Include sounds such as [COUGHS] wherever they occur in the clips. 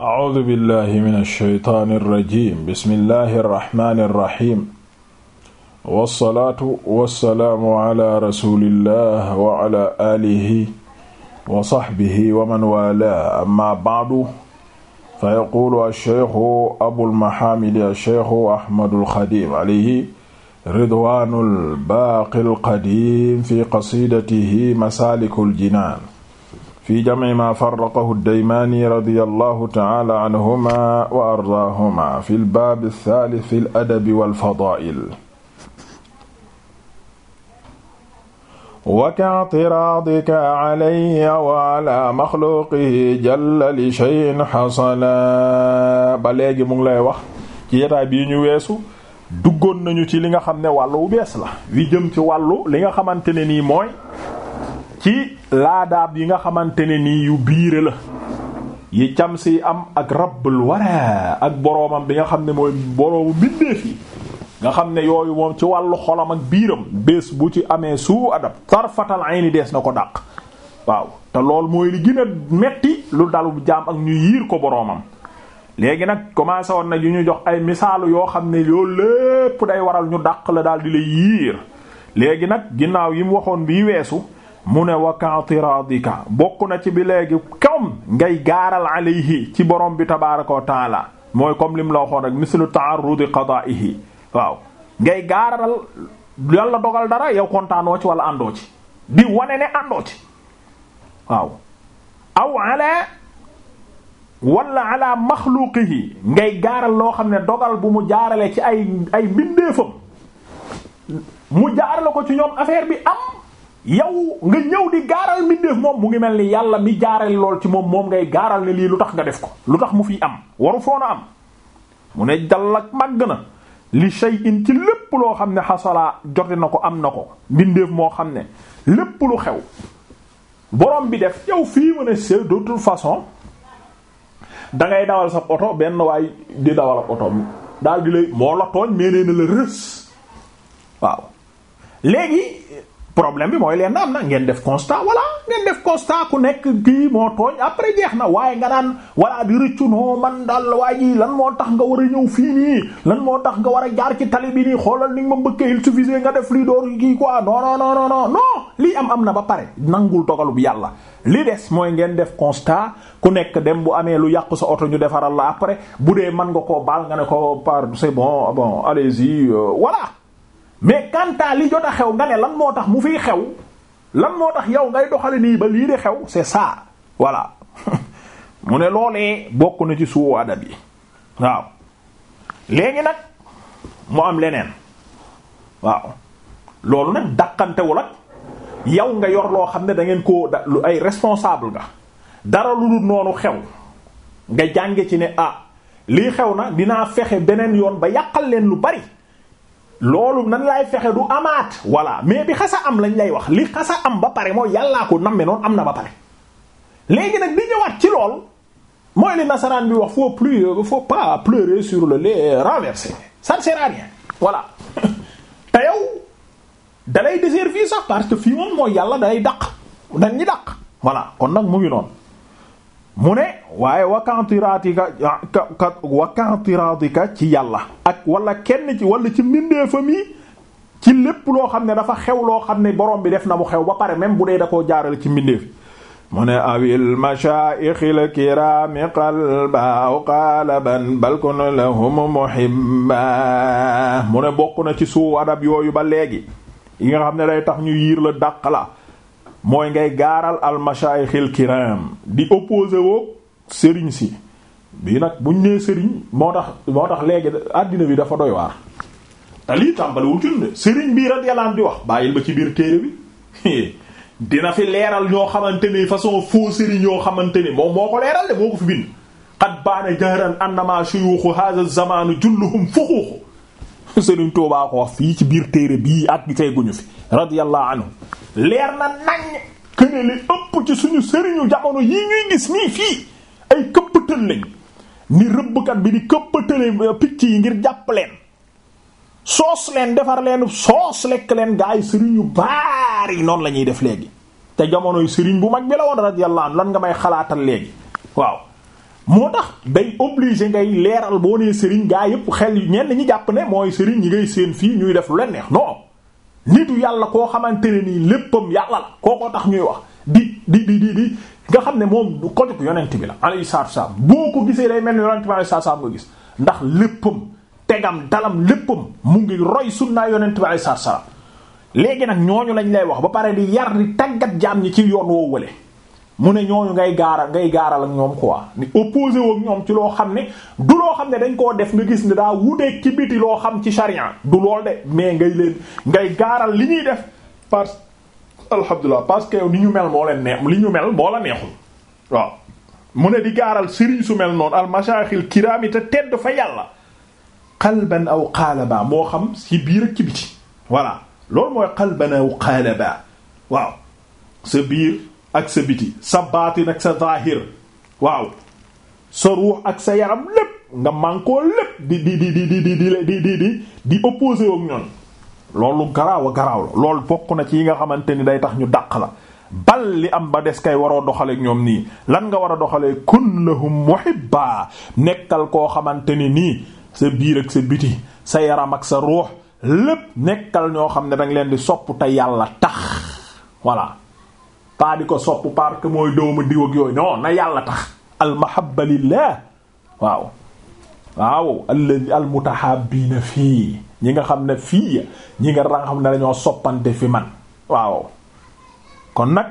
A'uuzu billahi mina shaytaani rajiim bismillahi rahmaani rahiim. wasalaatu wasalaamu ala rasulillah wa ala aalihi wa saxbihi wa man waalaahu amma ba'du. fa yaquulu ash-shaykhu abul mahaamidi ash-shaykhu Ahmadul Xadiim alayhi ridwaanul baaqil qadiim fi qasiidatihi masaalikul jinaan. fi jamci ma farraqahu daymaani radiyallahu ta'ala anhuma wa ardaahuma fil baabi saalis fil adabi wal fadaa'il. wa ka'tiraadika calayya wa calaa maxluuqihi jalla li shay'in xasala ba léegi mu ngi lay wax ci yataay bii ñu weesu duggoon nañu ci li nga xam ne wàllu wu bees la wi jëm ci wàllu li nga xamante ne nii mooy. ci laadaab yi nga xamante ne nii yu biire la yi cam si am ak rabbul wara ak boroomam bi nga xam ne mooy boroomu mbindeef yi nga xam ne yooyu moom ci wàllu xolam ak biiram bés bu ci amee suu adab tarfatal ayni dees na ko dàq waaw te lool mooy li gën metti lu dalu jaam ak ñu yiir ko boroomam léegi nag commencé woon na yu ñu jox ay misaalu yoo xam ne loolu lépp day waral ñu dàq la daal di lay yiir léegi nag ginnaaw yi mu waxoon bii weesu mu ne wakaatiradika bokk na ci bi léegi kam ngay gaaral alayhi ci borom bi tabaraka wa taala mooy comme lim la waxoon rek mislu taarudi qadaihi waaw ngay gaaral yàlla dogal dara yow kontaanoo ci wala àndoo ci di wane ne àndoo ci waaw aw ala wala ala maxluqihi ngay gaaral loo xam ne dogal bu mu jaarale ci ay ay mbindeefam mu jaarale ko ci ñoom affaire bi am yow nga ñëw di gaaral mbindeef moom mu ngi mel ni yàlla mi jaareel lool ci moom moom ngay gaaral ne lii lu tax nga def ko lu tax mu fi am waru foona am mu ne jàll ak màgg na li shay'in ci lépp loo xam ne xasalaa jote na ko am na ko mbindeef moo xam ne lépp lu xew borom bi def yow fii ma ne c'est de façon dangay dawal sa oto benn waay di dawal ak oto daal di lay moo la tooñ mais nee na la rës waaw léegi problème bi mooy leen na am na ngeen def constat voilà ngeen def constat ku nekk kii moo tooñ après jeex na waaye nga naan voilà di rëccu noo man daal waa ji lan moo tax nga war a ñëw fii nii lan moo tax nga war a jaar ci tali bi nii xoolal ni nga ma mbëkkee il suffisait nga def lii door kii quoi non non non non lii am am na ba pare nangul dogalub yàlla li des mooy ngeen def constat ku nekk dem bu amee lu yàqu sa oto ñu defaral la après bu dee man nga koo baal nga ne ko par c'est bon ah mais kantaa li jot a xew nga ne lan moo tax mu fi xew lan moo tax yow ngay doxale nii ba lii de xew c'est ça voilà [LAUGHS] mu ne loolee bokk na ci suuwu adab yi waaw léegi nag mu am leneen waaw loolu nag daqantewu ak yow nga yor loo xam ne dangeen ngeen koo da lu ay responsable nga dara lu dul noonu xew nga jànge ci ne ah lii xew na dinaa fexe beneen yoon ba yàqal leen lu bari loolu nan laay fexe du amaat voilà mais bi xasa am lañ lay wax li xasa am ba pare mooy yàllaa ko namme noonu am na ba pare léegi nag di ñëwaat ci lool mooy li nasaraan bi wax faut plus faut pas pleurer sur le lait renversé ça ne sert à rien [LAUGHS] te yow dalay desservir sax parce que fii moom moo yàlla dalay daq dañ ñi daq voilà kon nag mu ngi noonu mu ne waaye wakantiraatika ah, ka ci yàlla ak wala kenn ci wala ci mbindeefam yi ci lépp loo xam ne dafa xew loo xam ne borom bi def na mu xew ba pare même bu dee da koo jaarale ci mbindeef mu ne awil mashaayixil kiraami qalba aw qaalaban balkun lahum muhibba mu ne bokk na ci suu adab yooyu ba léegi yi nga xam ne day tax ñu yiir la dàq la mooy ngay gaaral al mashayikhil kiram di opposé woo sëriñ si bii nag buñ nee sëriñ moo tax moo tax léegi àddina bi dafa doy waar te lii tàmbaliwul cun sëriñ bii radiyallahu anhu di wax bàyyil ba ci biir téere bi [LAUGHS] dina fi leeral ñoo xamante ni façon faux sëriñ yoo xamante ni moom moo ko leeral de moo ko fi bind qad baana jahran annama shuyukhu hadha zamanu julluhum fuxuuxu [LAUGHS] sëriñ Tuubaa ko wax fii ci biir téere bii ak gi tey guñu fi radiyallahu anhu leer na nañ que ne li ëpp ci suñu sëriñu jamono yi ñuy gis nii fii ay këppatal lañ ni rëbbkat bi di këpp këppatale euh, picc yi ngir jàpp leen soos defar leen soos lekk leen gaa yi sëriñ yu baari noonu lañuy def léegi te jamonoy sëriñ bu mag bi la woon radiyallahu lan nga may xalaatal léegi waaw moo tax day obligé ngay leeral boo nee sëriñ gaa yëpp xel ñenn ñi jàpp ne mooy sëriñ ñi ngay seen fii ñuy def lu leen neex non nitu yàlla koo xamante ne nii léppam yàlla la kookoo tax ñuy wax di di di di di nga xam ne moom du kojuk yonent bi la alayhi salaatu salaam boo ko gisee day mel ni yonent bi alayhi salaatu salaam gis ndax léppam tegam dalam léppam mu ngi roy sunnaa yonent bi léegi nag ñooñu lañ lay wax ba pare di yar di tàggat jaam ñi ci yoon woo wële mu ne ñooñu ngay gaaral ngay gaaral ak ñoom quoi ni opposé ñoom ci loo xam ne du loo xam ne dañ koo def nga gis ne daa wuteeg ci biti loo xam ci sharia du lool de mais ngay leen ngay gaaral li ñuy def parce alhamdulilah parce que ni ñu mel moo leen li ñu mel moo la neexul waaw mu ne di gaaral sëriñ su mel noon al mashaayixil kiraami te tedd fa yàlla qalban aw qalaba moo xam ci biir ak ci biti voilà loolu mooy qalban aw qalaba waaw sa biir ak sa biti sa baatin ak sa zaahir waaw sa ruux ak sa yaram lépp nga mànkoo lépp di di di di di di di di di di opposé ak ñoon loolu garaaw a garaaw la loolu bokk na ci yi nga xamante ni day tax ñu dàq la bal li am ba des kay waroo doxaleek ñoom nii lan nga war a doxalee kun lahum muhibba nekkal koo xamante ni nii sa biir ak sa biti sa yaram ak sa ruux lépp nekkal ñoo xam ne danga leen di sopp te yàlla tax voilà pas di ko sopp park mooy dóoma diw ak yooyu ñoo na yàlla tax almahabba lillah waaw waaw alladi almutahabina fii ñi nga xam ne fii ñi nga ra xam ne dañoo soppante fi man waaw kon nag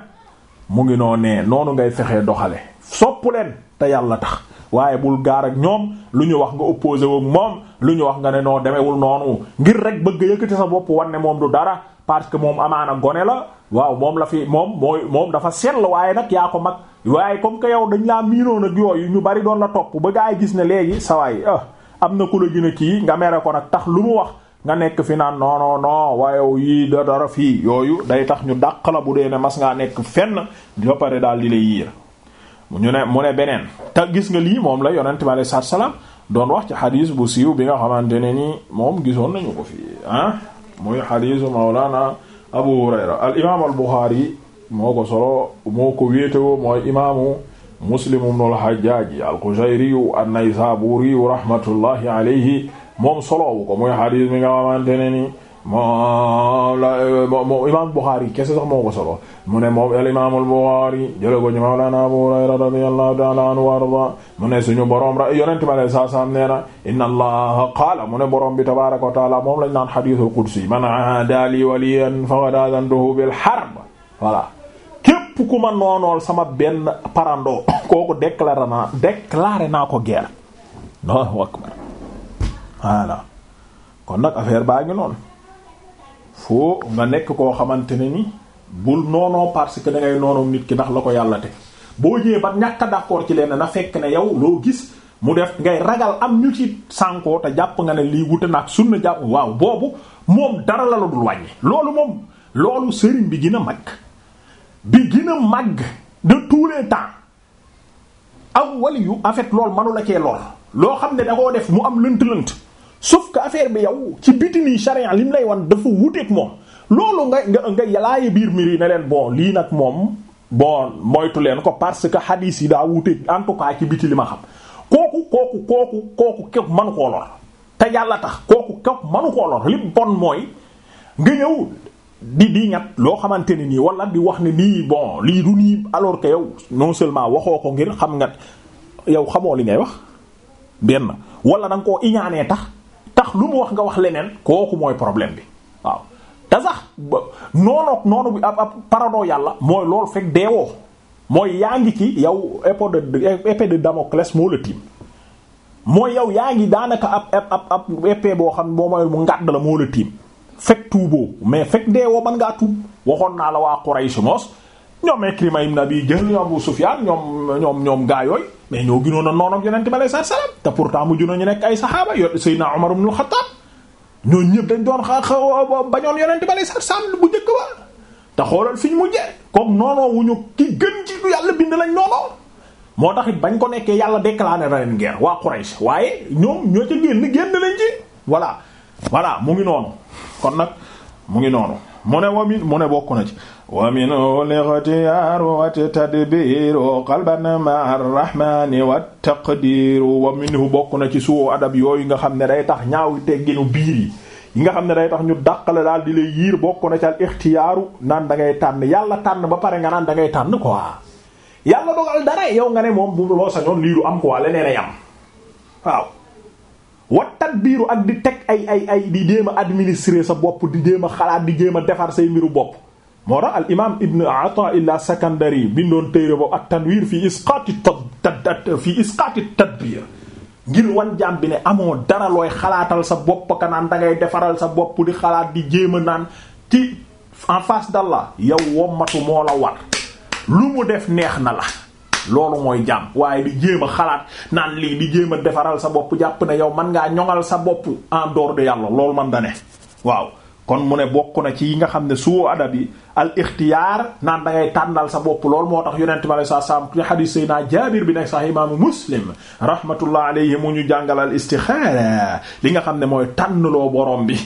mu ngi noo nee noonu ngay fexee doxale sopp leen te yàlla tax waaye bul gaar ñoom lu ñu wax nga opposé wu moom lu ñu wax nga ne noo demewul noonu ngir rek bëgg yëkkati sa bopp wan ne moom du dara parce que moom amaana gone la waaw moom la fi moom mooy moom dafa sell waaye nag yaa ko mag waaye comme que yow dañ laa miinoon ak yooyu ñu bari doon la topp ba gaa yi gis ne léegi sawaay ah am na ku la gën a kii nga mere ko nag tax lu mu wax nga nekk fi naan non non non waaye da dara fii yooyu day tax ñu dàq la bu dee ne mas ngaa nekk fenn ba pare daal di lay yiir ñu ne mu ne beneen te gis nga lii moom la yonent bi alayhi salaam doon wax ci xadiis bu siiw bi nga xamante ne ni moom gisoon nañu ko fii ah. muy xadiisu mawlana abu hurayra al imaam al buxaari moo ko solo moo ko wéetewoo mooy imaamu muslim ibnul hajjaaj al qushayriyu an naysaburiyu rahmatullahi alayhi moom soloowu ko muy xadiis mi nga xamante ne ni moo la eh, moo kese sax moo ko solo mu ne moom al imaamul Buxaari ko ñu mawlana Abu Hurayra radiyallahu ta'ala anhu wa arda mu ne suñu borom ra yonent ma lay saasaam nee inna allaha qaala mu ne borom bi tabaaraka wa ta'ala moom lañ naan xadiisul qudsi man aada li waliyan faqad aadantuhu bil harb voilà képp ku ma noonool sama benn parando [COUGHS] kooku déclaré naa ko guerre Allahu akbar voilà kon nag affaire baa ngi noonu foo nga nekk koo xamante ne ni bul noonoo parce que da ngay nit ki ndax la ko yàlla teg boo ñëwee ba ñàkk a d'accord ci leen na fekk ne yow loo gis mu def ngay ragal am ñu ci sànkoo te jàpp nga ne lii wute na ak sunna jàpp waaw boobu moom dara la la dul wàññi loolu moom loolu sëriñ bi gën a mag bi gën a mag de tous les temps ak wali yu en fait loolu mënu la cee lor loo xam ne da koo def mu am lënt-lënt sauf que affaire bi yow ci biti nii li mu lay wan dafa wuteeg moom loolu nga nga nga yalaaye biir mbir yi ne leen bon lii nag moom bon moytu leen ko parce que hadith yi daa wuteeg en tout cas ci biti li ma xam kooku kooku kooku kooku képp manu koo te yàlla tax kooku képp manu koo lor li bon mooy nga ñëw di di ñat loo xamante ne nii wala bi wax ne nii bon lii du nii alors que yow non seulement waxoo ko ngir xam nga yow xamoo li ngay wax benn wala da koo iñaanee tax. lu mu wax nga wax leneen kooku mooy problème bi waaw te sax noonook noonu bi ab ab parado yàlla mooy lool fekk deewoo mooy yaa ngi ci yow épée de épée de Damoclès moo la tiim mooy yow yaa ngi daanaka ab ab ab épée boo xam boo mooy mu ngàdd la moo la tiim fekk tuuboo mais fekk deewoo man ngaa tuub waxoon naa la waa Quraysh mos ñoom Ikrima ibn Abi Jahl ñoom Abu Sufyan ñoom ñoom ñoom gaa yooyu mais ñoo gënoon na noonu ak yonent bi alayhi salaam te pourtant mujj na ñu nekk ay saxaaba yo Seydina Umar ibn al ñëpp dañ doon xa bañoon yonent bi alayhi salaam bu njëkk ba te xoolal fi ñu mujjee comme noonoo wu ñu ki gën ci yàlla bind lañ noonoo moo tax it bañ ko nekkee yàlla déclaré na leen guerre waa Quraysh waaye ñoom ñoo ca génn génn lañ ci voilà voilà mu ngi noonu kon nag mu ngi noonu mu ne moom mu ne bokk na ci wa minhu lixtiyaaru wa tadbiiru qalban ma'a rahmaani wa taqdiiru wa minhu bokk na ci suwo adab yooyu nga xam ne day tax ñaawi tegginu biir yi nga xam ne day tax ñu dàqale daal di lay yiir bokk na ci al ixtiyaaru naan da ngay tànn yàlla tànn ba pare nga naan dangay ngay tànn quoi yàlla dogal dara yow nga ne moom bu loo sañoon lii du am quoi leneen ay am waaw wa tadbiiru ak di teg ay ay ay di jéem a sa bopp di jéem a xalaat di jéem a defar say mbiru bopp. moo tax al imaam Ibn Ataa'illah Sakandari bindoon téere boobu at-Tanwiir fii isqaati tad fii isqaati tadbiir ngir wan jaam bi ne amoo dara looy xalaatal sa bopp ka naan da ngay defaral sa bopp di xalaat di jéem a naan ci en face d'Allah yow wommatu moo la war lu mu def neex na la. loolu mooy jàmm waaye di jéem a xalaat naan lii di jéem a defaral sa bopp jàpp ne yow man ngaa ñoŋal sa bopp en door de yàlla loolu man da waaw kon mu ne bokk na ci yi nga xam ne suu adab yi al ixtiyaar naan tànnal sa bopp lool moo tax yonente bi alei sat salaam ci xadis sayna jabir bi nekk sax imaamu muslim rahmatullah alayhi mu ñu jàngal al istixaara li nga xam ne mooy tànnloo boroom bi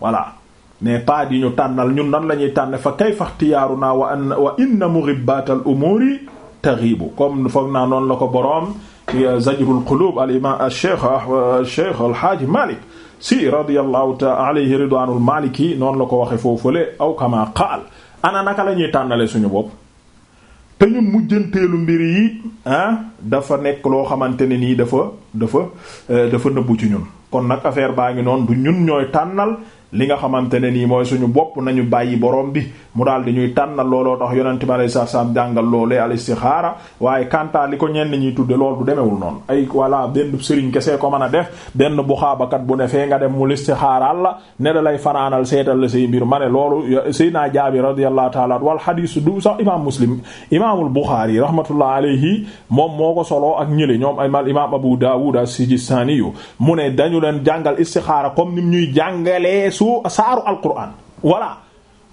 voilà mais pas yi ñu tànnal ñun nan la ñuy tànn fa kayfa ixtiyaaru naa wa an mu inna mughibbatal umuuri taghibu kom foog naa noonu la ko boroom Euh, zajrul qulub al imam al euh, euh, cheikh al cheikh al haaji Malik si radiyallahu ta'ala alayhi ridwanul maliki noonu la ko waxe foofule aw kama qaal ana naka la tànnale suñu bopp te ñun mujjanteelu mbir yi dafa nekk loo xamante ne nii dafa dafa dafa nëbbu ci ñun kon nag affaire baa ngi noonu du ñun ñooy tànnal li nga xamante ne nii mooy suñu bopp nañu bàyyi borom bi mu daal di ñuy tànnal looloo tax ma bi alayhi salaam jàngal loolee al istixaara waaye kantaa li ko ñenn ñuy tudde lool du demewul noonu ay voilà benn sëriñ kese ko mën a def benn buxaabakat bu ne fee nga dem mu listixaaral la ne da lay fanaanal seetal la say mbir ma ne loolu Seydina Jaabir radiyallahu ta'ala wal xadiis du sax imaam Muslim imaamul Buxaari rahmatullah alayhi moom moo ko soloo ak ñële ñoom al imaam Abu Daawud as-Sijistaani yu mu ne dañu leen jàngal istixaara comme ni ñuy jàngalee soo saaru alquran voilà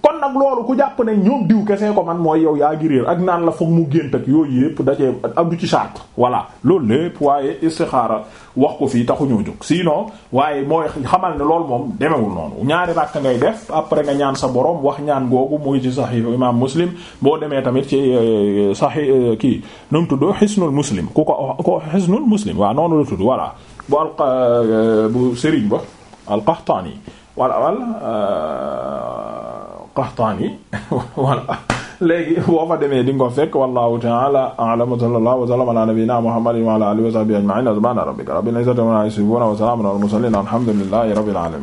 kon nag loolu ku jàpp ne ñoom diw kese ko man mooy yow yaa ngi ak naan la foog mu gént ak yooyu yëpp dacee am du ci charte voilà loolu lépp waaye istixaara wax ko fii taxu ñoo jóg sinon waaye mooy xamal ne loolu moom demewul noonu ñaari rakk ngay def après nga ñaan sa borom wax ñaan googu mu ngi ci sahih imam muslim boo demee tamit ci euh, sahih euh, kii nu mu tudd xisnul muslim ku ko ko xisnul muslim waa noonu la tudd voilà bu al euh, bu ba wala wal euh, Qahtani [LAUGHS] wala léegi boo fa demee di nga ko fekk wallahu ta'ala a'lam wa sallallahu wa sallama ala nabiyyina muhammadin wa ala alihi wa sahbihi ajma'in subhana rabbika rabbil izzati amma yasifun wa salamun ala al mursalin alhamdulillahi rabbil alamin